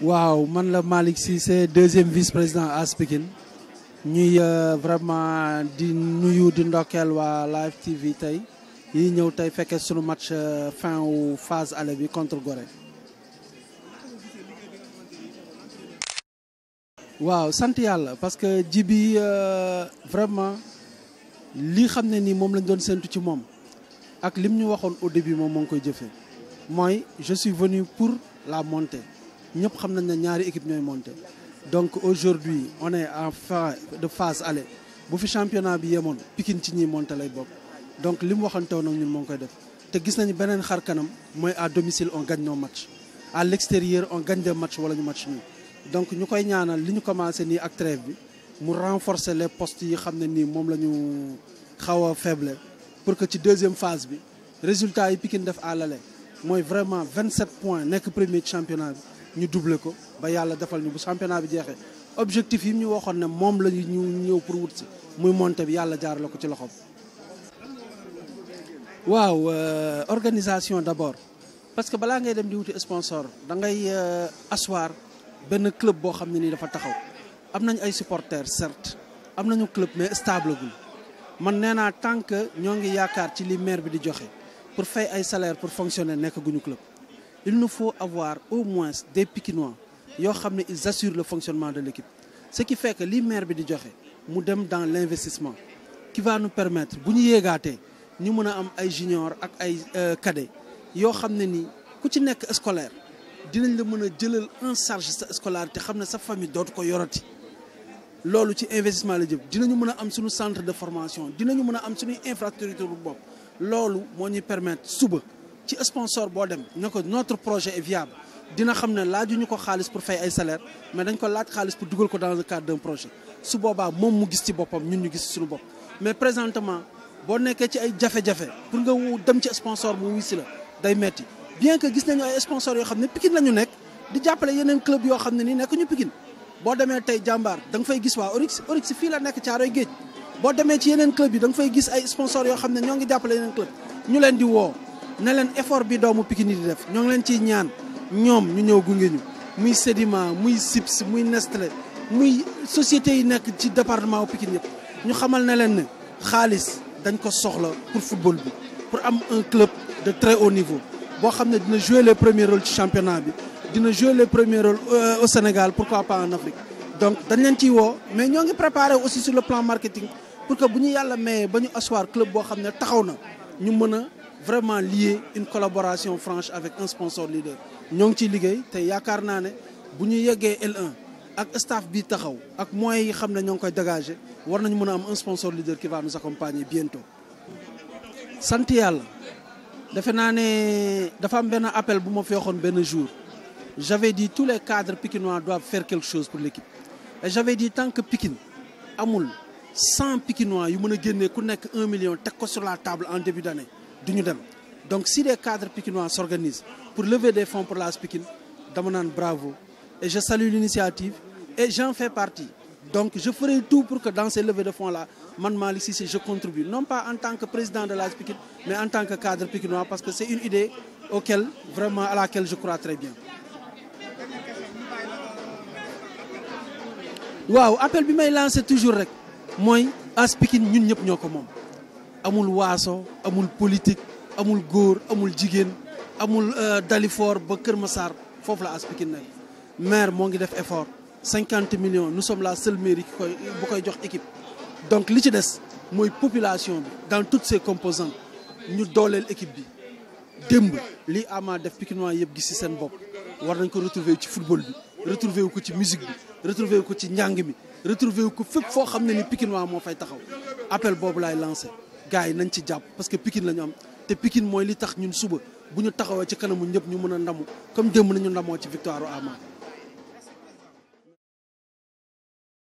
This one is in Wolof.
waaw man la si Cissé deuxième vice-président AS Pikine ñuy euh, vraiment di nuyu di ndokkeel waa Live TV tey yi ñëw tey fekke sunu match euh, fin wu phase aller bi contre Gorée. waaw sant yàlla parce que ji bi euh, vraiment li xam ne ni moom lañ doon séntu ci moom ak lim ñu waxoon au début moom moo ngi koy jëfee mooy je suis venu pour la montée. ñëpp xam nañ ne ñaari équipe ñooy monté donc aujourd'hui on est en de phase aller bu fi championnat bi yemoon Pikine ci ñiy monté lay bokk donc li mu waxanteewoon ak ñun moo ngi koy def te gis nañu beneen xar kanam mooy à domicile on gagne nos matchs à l'extérieur on gagne des matchs wala ñu match nii donc ñu koy ñaanal li ñu commencé nii ak trêve bi mu renforcer les postes yi xam ne nii moom la ñu xaw a faible pour que ci deuxième phase bi résultat yi Pikine def à l'aller mooy vraiment 27 points nekk premier championnat bi ñu doublé ko ba yàlla defal ñu bu championnat bi jeexe objectif yi ñu waxoon ne moom lañu ñu ñëw pour wut si muy monté bi yàlla jaarale ko ci loxoom. waaw euh, organisation d'abord parce que balaa ngay dem di wuti sponsor da ngay euh, asseoir benn club boo xam ne nii dafa taxaw am nañ ay supporters certes am nañu club mais stable gul man nee naa tant que ñoo ngi yaakaar ci li maire bi di joxe pour fay ay salaire pour fonctionner nekk guñu club. il nous faut avoir au moins des Pikinois yoo xam ne ils assurent le fonctionnement de l'équipe ce qui fait que li maire bi di joxe mu dem dans l'investissement qui va nous permettre bu ñu yéegaatee ñu mën a am ay junior ak ay euh, cadet yoo xam ne ni ku ci nekk scolaire dinañ la mën a jëlal en charge sa scolarité xam ne sa famille dootu ko yorati loolu ci investissement la jëm dinañu mën a am suñu centre de formation dinañu mën a am suñuy infrastructure bu bopp loolu moo ñuy permettre suba ci sponsor boo dem ne ko notre projet est viable dina xam ne laajuñu ko xaalis pour fay ay salaire mais dañ ko laaj xaalis pour dugal ko dans le cadre d'un projet su boobaa moom mu gis ci boppam ñun ñu gis ci suñu bopp présentement boo nekkee ci ay jafe-jafe pour nga dem ci sponsor mu wisi la day metti bien que gis nañu ay sponsors xam ne Pikine la ñu nekk di jàppale yeneen club yoo xam ne nii nekk ñu boo demee tey jàmbaar da fay gis waa Orix Orix fii la nekk Caaroy Géej boo demee ci yeneen club yi da fay gis ay sponsors yoo xam ne ñoo ngi jàppale yeneen club ñu leen di woo ne leen effort bi doomu Pikine di def ñoo ngi leen ciy ñaan ñoom ñu ñëw gunge ñu muy Sedima muy Sips muy Nestlé muy société yi nekk ci département Pikine yëpp ñu xamal ne leen ne xaalis dañ ko soxla pour football bi pour am un club de très haut niveau boo xam ne dina jouer les premiers rôles ci championnat bi dina jouer les premiers rôles euh, au Sénégal pourquoi pas en Afrique donc dañ leen ciy woo mais ñoo ngi préparé aussi sur le plan marketing pour que bu ñu yàlla mayee ba ñu asseoir club boo xam ne taxaw na vraiment lié une collaboration franche avec un sponsor leader ñoo ngi ciy liggéey te yaakaar naa ne bu ñu yeggee l ak staff bi taxaw ak moyens yi xam ne ñoo ngi koy dégager war nañu mën a am un sponsor leader qui va nous accompagner bientôt. sant yàlla defe naa ne dafa am benn appel bu ma fi waxoon benn jour j'avais dit tous les cadres pikinois doivent faire quelque chose pour l'équipe et j'avais dit que Pikine amul cent pikinois yu mën a génnee ku nekk un million teg ko sur la table en début d'année du ñu dem donc si des cadres pikinois s'organisent pour lever des fonds pour l'AS Pikine dama naan bravo et je salue l'initiative et j'en fais partie donc je ferai tout pour que dans ces levées de fonds là man Malick Cissé je contribue non pas en tant que président de l'AS Pikine mais en tant que cadre pikinois parce que c'est une idée auquel vraiment à laquelle je crois très bien waaw appel bi may lancer toujours rek mooy AS Pikine ñun ñëpp ñoo ko moom amul waaso amul politique amul góor amul jigéen amul euh, Dalifort ba Kër Massar foofu la As Pikine nag maire moo ngi def effort cinquante millions nous sommes la seule koy bu koy jox équipe donc li ci des mooy population bi dans toutes ses composantes ñu dooleel équipe bi démb li ama def pikinois yëpp gis ci seen bopp war nañ ko retrouver ci football bi retrouver wu ko ci musique bi retrouver ko ci njàng mi retrouver ko fépp foo xam ne ni pikinois moo fay taxaw appel boobu laay lancé gars yi nañ ci jàpp parce que Pikine la am te Pikine mooy li tax ñun suba bu ñu taxawee ci kanamu ñëpp ñu mën a ndamu comme démb nañu ndamoo ci victoire Ama